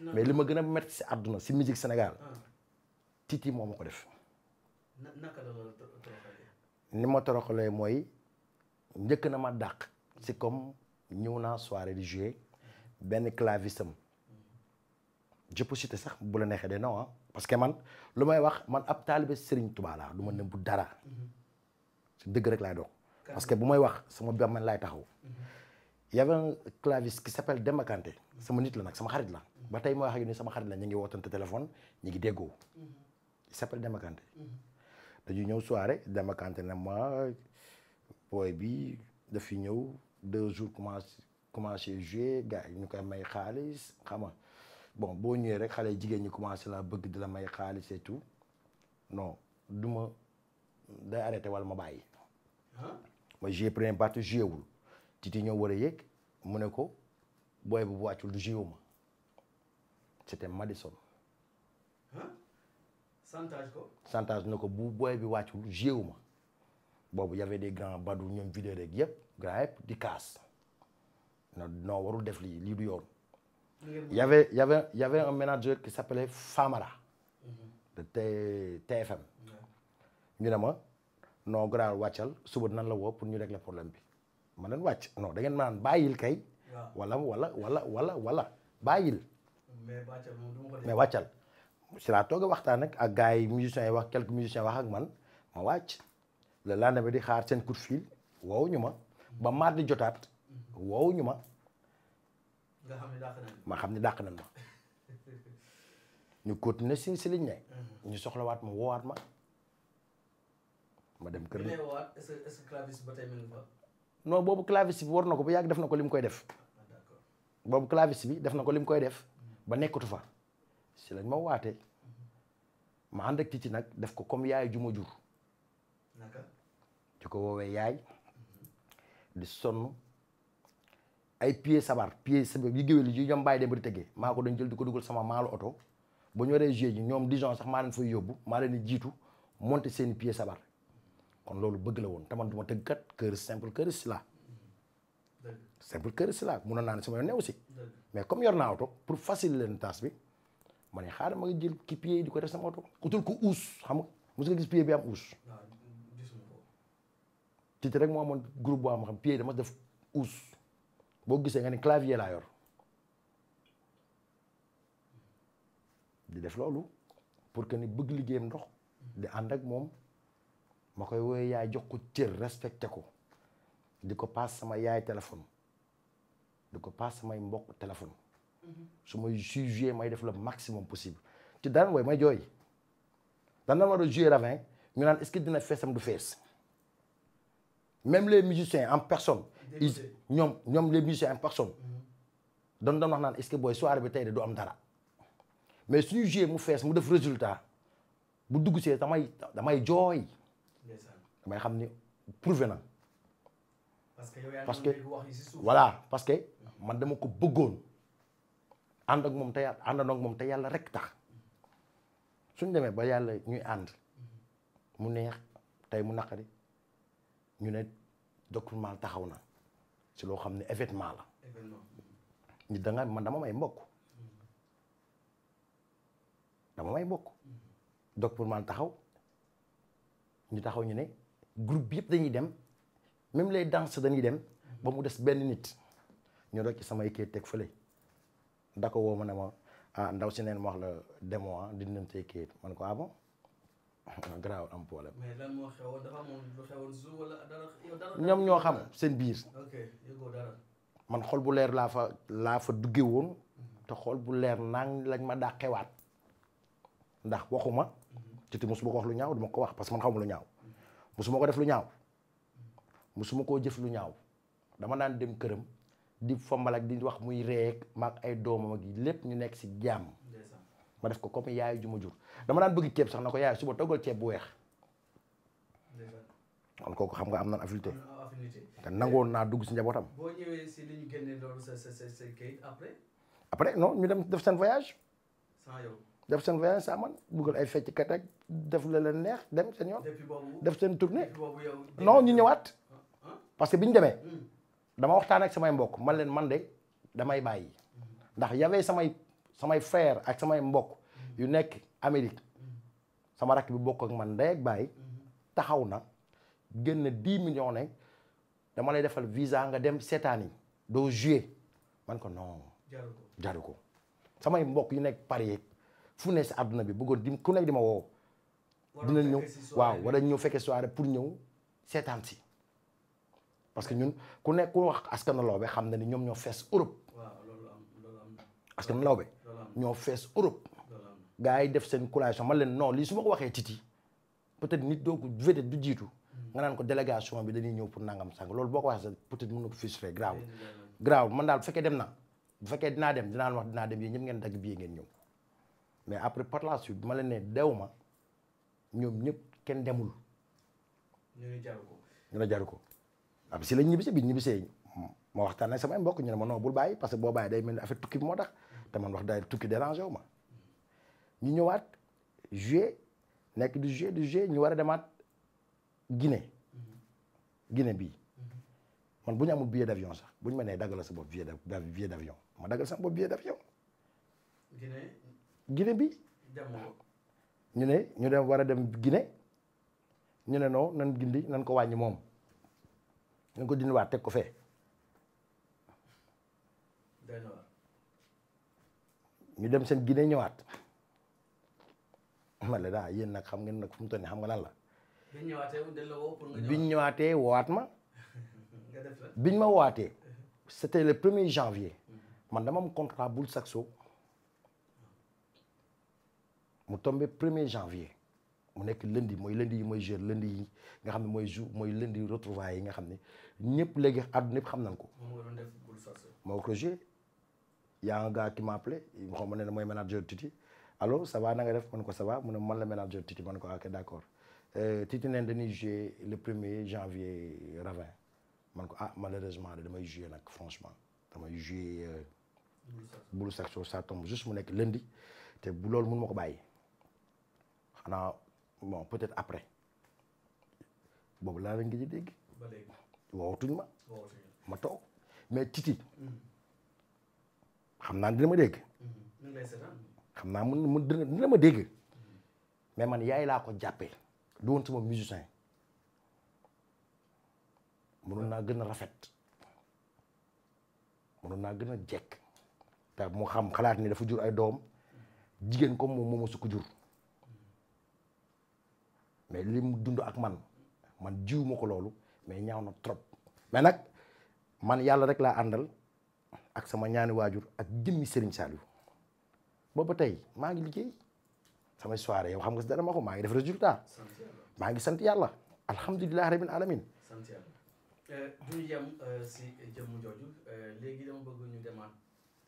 mais li ma gën a métti si àdduna si musique Sénégal ah. Titi moo ma ko def. ni ma toroxalee mooy njëkk na ma dàq. si comme ñëw naa soirée di jouer benn claviste am jëpp cité sax bu la neexee de non parce que man lu may wax man ab taalibe Serigne Touba laa du ma ne bu dara. Mhm. si dëgg rek laay dox. parce que bu may wax sama biir man laay taxaw. Mhm. y avait un claviste Demba Kanté sama nit la nag sama xarit la. ba tey ma wax ak sama xarit la ñu ngi wootante téléphone ñu ngi déggoo. Mm-hmm. il s'appelle Demba Kanté. Mm-hmm. dañu ñëw soirée Demba Kanté ne ma booy bi daf fi ñëw deux jour commencé commencé jouer gars ñu koy may xaalis xam nga bon boo ñëwee rek xale jigéen ñi commencé la bëgg di la may xaalis et tout non du ma day arrêté wala ma bàyyi. ma joué première partie joué wul. titi ñëw war a yéeg mu ne ko booy bu wàccul du joué ma. c'était Madison. chantage ko. chantage na ko bu booy bi wàccul jéewu ma boobu y de des grands Badou ñoom vidéo rek yëpp gars yëpp di kaas non non def lii lii du yoon. y avait y avait un manager qui s'appelait Famara. TFM. Mm-hmm. ñu ne ma non grand wàccal suba nan la woo pour ñu régler problème bi ma leen wàcc non da ngeen ma naan bàyyil kay. wala wala wala wala wala bàyyil. mais wàccal si laa toog a waxtaan nag ak gars yi musiciens yi wax quelques musiciens wax ak man ma wàcc le lendemain di xaar seen coup de fil woowu ma ba mardi jotaat woowu ñu ma nga xam ne dàq nañ ma xam ne dàq nañ ma ñu continuer si si liñ ne mhm. ñu soxlawaat ma wowaat ma ma dem kër ni non boobu clavis bi war na ko bu yàgg def na ko li mu koy def ah, boobu clavis bi def na ko li mu koy def ba nekkatu fa si lañ ma waate ma ànd ak Titi nag def ko comme yaay ju ma ko woowee yaay di sonn ay pied sabar pied sabar yi géwél yi ñoom bàyyi dem ba di tegee maa ko dañ jël di ko dugal sama maalo oto ba ñu waree jeu ji ñoom Dijon sax maa leen fay yóbbu maa leen di jiitu monter seen pied sabar kon loolu bëgg la woon te man du ma tëgg kat kër simple kër si la simple kër si laa mënoon naa ne sama yoon new si mais comme yor naa oto pour facile leen tâche bi ma ne xaaral ma jël ki pied di ko def sama oto utul ko uus xam nga mos nga gis pied bi am uus tiit rek moo amoon groupe am xam dama def uus boo gisee nga ne clavier laa yor def loolu pour que ni bëgg liggéeyam ndox di ànd ak moom ma koy woowee yaay jox ko cër respecté ko di ko paas sama yaay téléphone du ko paas samay mbokk téléphone su may joué may def le maximum possible ci daan wooy may jooy daan na war a joué ravin ñu naan est-ce que dina feesam du fees même les musiciens en personne ils ñoom ñoom les musiciens en personne mm-hmm. doon doon wax naan est-ce que booy bi tey de du am dara mais suñu joué mu fees mu def résultat bu dugg see damay damay jooy damay xam ni prouvé parce que voilà man dama ko bëggoon ànd ak moom te yàlla àndandoo moom te yàlla rek tax suñ demee ba yàlla ñuy ànd mu neex tey mu naqari ñu ne Docteur Mal taxaw na si loo xam ne événement la ñi da nga man dama may mbokk dama may mbokk Docteur Mal taxaw ñu taxaw ñu ne groupe bi yëpp dañuy dem même les danses dañuy dem ba mu des benn nit ñu rocc samay kayit teg fële da ko ma ne ah, ndaw si neen ma wax di dinañ say kayit ko ah bon ñoom ñoo xam seen biir. man xol bu leer laa fa laa fa dugge woon mhm. te xol bu leer naan lañ ma dàqewaat ndax waxuma mhm. te te mosuma ko wax lu ñaaw duma ko wax parce que man xawma lu ñaaw mosuma mhm. ko def lu ñaaw mosuma koo jëf lu ñaaw dama daan dem këram. di fombal ak di wax muy reek maak ay doomam ak lépp ñu nekk si jàmm ma def ko comme yaay ju dama daan bëgg ceeb sax na ko yaay suba toggal ceeb bu weex kon xam nga am na affinité te nangoon naa dugg si njabootam. boo ñëwee si après. après non ñu dem def seen voyage. sans yow. def seen voyage saa man dugal ay fecc kat ak def la leen neex dem seen yoon. def seen tournée. non ñu ñëwaat. Ah, ah. parce que bi ñu demee. Hmm. dama waxtaan ak samay mbokk man leen man de damay bàyyi ndax yawee samay samay frère ak samay mbokk yu nekk Amérique sama rakk bi bokk ak man ndey ak bàyyi taxaw na génn 10 millions ne dama lay defal visa nga dem seetaan doo jouer man ko non jaru ko samay mbokk yu nekk Paris fu ne si àdduna bi bëggoon di ku di ma woo dina ñëw waaw wala ñëw fekkee soirée pour ñëw seetaan si parce que ñun ku nekk ku wax askanu lawbe xam na ni ñoom ñoo fees Europe. askanu lawbe ñoo fees Europe. gars yi def seen collation man leen non lii su ma waxee Titi peut-être nit doo ko vedette du jiitu. Hmm. nga naan ko délégation bi dañuy ñëw pour nangam sang loolu boo ko waxee sax peut-être mën na man daal bu dem na bu fekkee dinaa dem dinaa wax dinaa dem yéen ñëpp ngeen dagg bii ngeen mais après par la suite ma leen dew ma ñoom ñëpp kenn demul. ñu ne ñu ne jaru ko. ab si la ñibbisi bi ñibbisee ma waxtaan ak samay mbokk ñu ne ma non bul bàyyi parce que boo bàyyi day mel ni affaire tukki bi moo tax te man wax day tukki dérangé wu ma ñu ñëwaat juillet nekk du juillet du juillet ñu war a demaat Guinée Guinée bii man bu ñu amul billet d' avion sax bu ñu ma nee daggal sa bopp billet billet d' avion ma daggal sama bopp billet d' avion. Guinée. Guinée bi. ñu ne ñu dem war a dem Guinée ñu ne non nan gindi nan ko wàññi moom. nañ ko dindiwaat teg ko fee. ñu dem seen Guinée ñëwaat man la daa yéen nag xam ngeen nag fu mu toll nii xam nga lan la. biñ ñëwaatee biñ ñëwaatee woowaat ma. biñ ma woowaatee. c'était le premier janvier. man dama am contrat bul saxo mu tombé premier janvier. mu nekk lundi mooy lundi yi mooy jour lundi yi nga xam ne mooy jour mooy lundi retrouvailles yi nga xam ne ñëpp léegi àdduna yëpp xam nañ ko. moo doon moo ko joué y a un gars qui m'a appelé xaw ma ne mooy manager Titi allo ça va na nga def man ko ça va mu ne man la manager Titi man ko ak d'accord euh, Titi neen dañuy joué le premier janvier Ravin man ko ah malheureusement damay joué nag franchement damay joué. Euh, bulu sax bulu sax ça tombe mu nekk lundi te bu loolu mun ma ko bàyyi bon peut-être après boobu laa leen ngi dégg. ba léegi woowatuñ ma. toog mais Titi. Mm-hmm. xam naa dina ma dégg. Mm-hmm. xam naa mun mun dina ma dégg. mais man yaay laa ko jàppee. du woon sama musicien. mënoon naa gën a rafet. mënoon naa gën a jekk. te mu xam xalaat ni dafa jur ay doom. jigéen comme moom sukk jur. mais li mu dund ak man man jiwuma ko loolu mais ñaaw na trop mais nag man yàlla rek laa àndal ak sama ñaani waajur ak jëmmi Serigne Saliou booba tey maa ngi liggéey sama soirée yow xam nga si dara ma ko maa ngi def résultat maa ngi sant yàlla alhamdulilah rabbil alamin sant yàlla euh, du yem euh, si jëmm jooju euh, léegi dama bëgg ñu demaat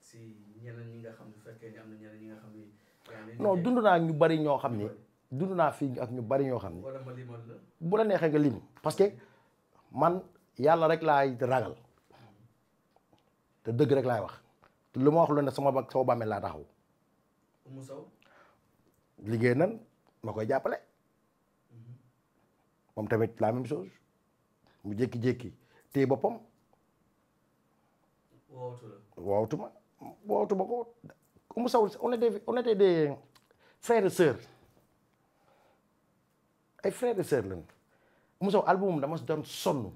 si ñeneen ñi fekkee ni am na ñeneen ñi dund naa ñu bari ñoo xam ni dund naa fii ak ñu bari ñoo xam ne bu la neexee nga lim parce que man yàlla rek laay ragal te dëgg rek laay wax te lu ma wax lu ne sama sama bàmmeel laa taxaw. Oumou Sow liggéey nan ma koy jàppale. moom tamit la même chose mu jékki-jékki téye boppam. woowatu la woowatu ma woowatu ma ko Oumou Sow on était on était des frères et sœurs. ay frères et sœurs lañu Oumou Sow album dama doon sonn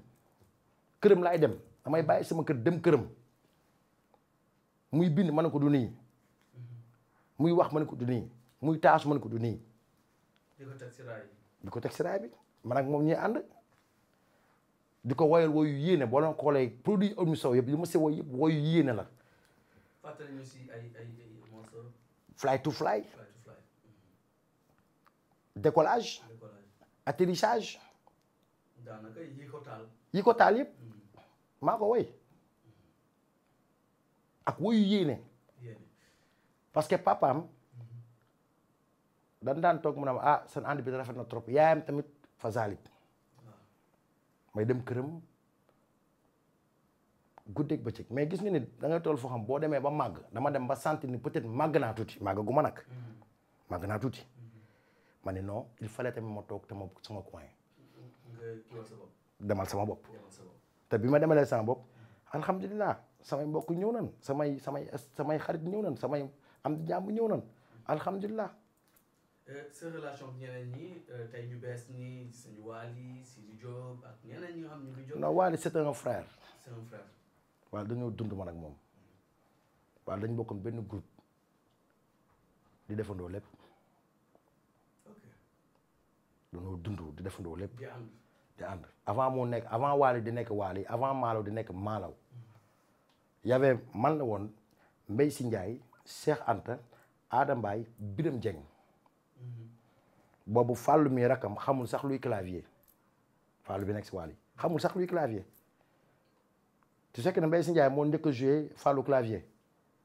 këram laay dem damay bàyyi sama kër dem këram muy bind ma ne ko nii muy wax ma ne ko du muy taasu ma ne ko du nii. di ko teg bi di ko teg si bi man ak moom ñuy ànd. di ko woyal woyu yéene boo doon xoolee produit Oumou Sow yëpp li ma see woy yéene la. fàttali ñu si ay fly to fly. fly atterrissage. daanaka yi ko taal. yi yëpp mm. maa ko woy mm. ak woyu yéene. parce que papaam mm-hmm. dan daan toog mu ne ma ah seen ànd bi rafet na trop yaayam tamit fa zaalit may dem këram guddeeg bëccëg mais gis nga ni da nga toll foo xam boo demee ba màgg dama dem ba sentir ni peut-être màgg naa tuuti màgg gu ma nag mm. naa tuuti. ma ne non il fallait tamit ma toog te ma sama coin. demal sama bopp. te bi ma demalee sama bopp alhamdulilah samay mbokk ñëw nan samay samay samay xarit ñëw nan samay am di jàmm ñëw nan alhamdulilah. Euh, sa relation ak ñeneen euh, bees nii sëñ Waly Sidi Diop ak ñeneen ñi nga xam ñu ngi jóg. non Waly un frère. c'est un dund ak moom waaw dañ bokkoon benn groupe di defandoo lépp. dañoo dundoo di defandoo lépp. di ànd avant moo nekk avant Wally di nekk Wally avant Malaw di nekk Malaw. Mm. y avait man la woon Mbaye Sy Ndiaye Cheikh Anta Adam Mbaye Birame Dieng. Mm-hmm. boobu fàllu mi rakam xamul sax luy clavier fàllu bi nekk si Wally xamul sax luy clavier. tu sais que ne Mbaye Sy moo njëkk a fàllu clavier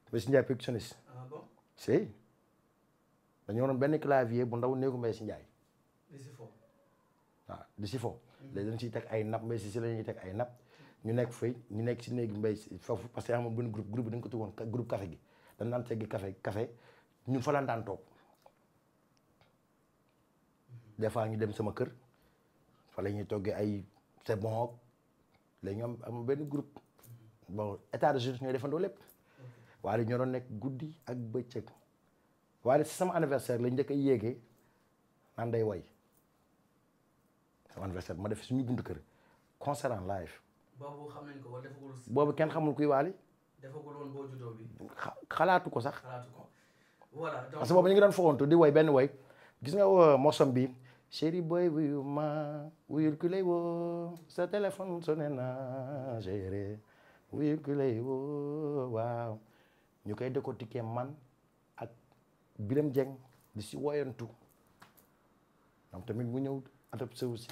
Mbaye Sy Ndiaye percussionniste. Ah si dañoo doon benn clavier bu ndaw néegu Mbaye si Ndiaye. di si di si fo. dañ siy teg ay napp la ñuy teg ay napp ñu nekk fay ñu nekk si néegi mbay foofu parce que amoon benn groupe groupe bi dañ ko tuddoon groupe café gi dañ daan teggi café café ñun fa lañ toog mm-hmm. des fois ñu dem sama kër fa la ñuy toggee ay c'est bon léegi am am benn groupe mm-hmm. bon état de ñooy defandoo lépp waaye ñoo doon nekk guddi ak bëccëg waaye si sama anniversaire la njëkk a yéegee naan day way sama anniversaire ma def suñu buntu kër concert en live. boobu xam nañ ko wala kenn xamul kuy waali. defagul xalaatu ko sax. xalaatu ko boobu ñu ngi doon foxantu di way benn woy gis nga euh, morsom bi. chéri boy wuyu ma wuyul ku lay woo sa téléphone sonné na géré wuyul ku lay woo waaw ñu koy décortiquer man ak Birame Dieng di si woyantu donc tamit mu ñëw adopce aussi.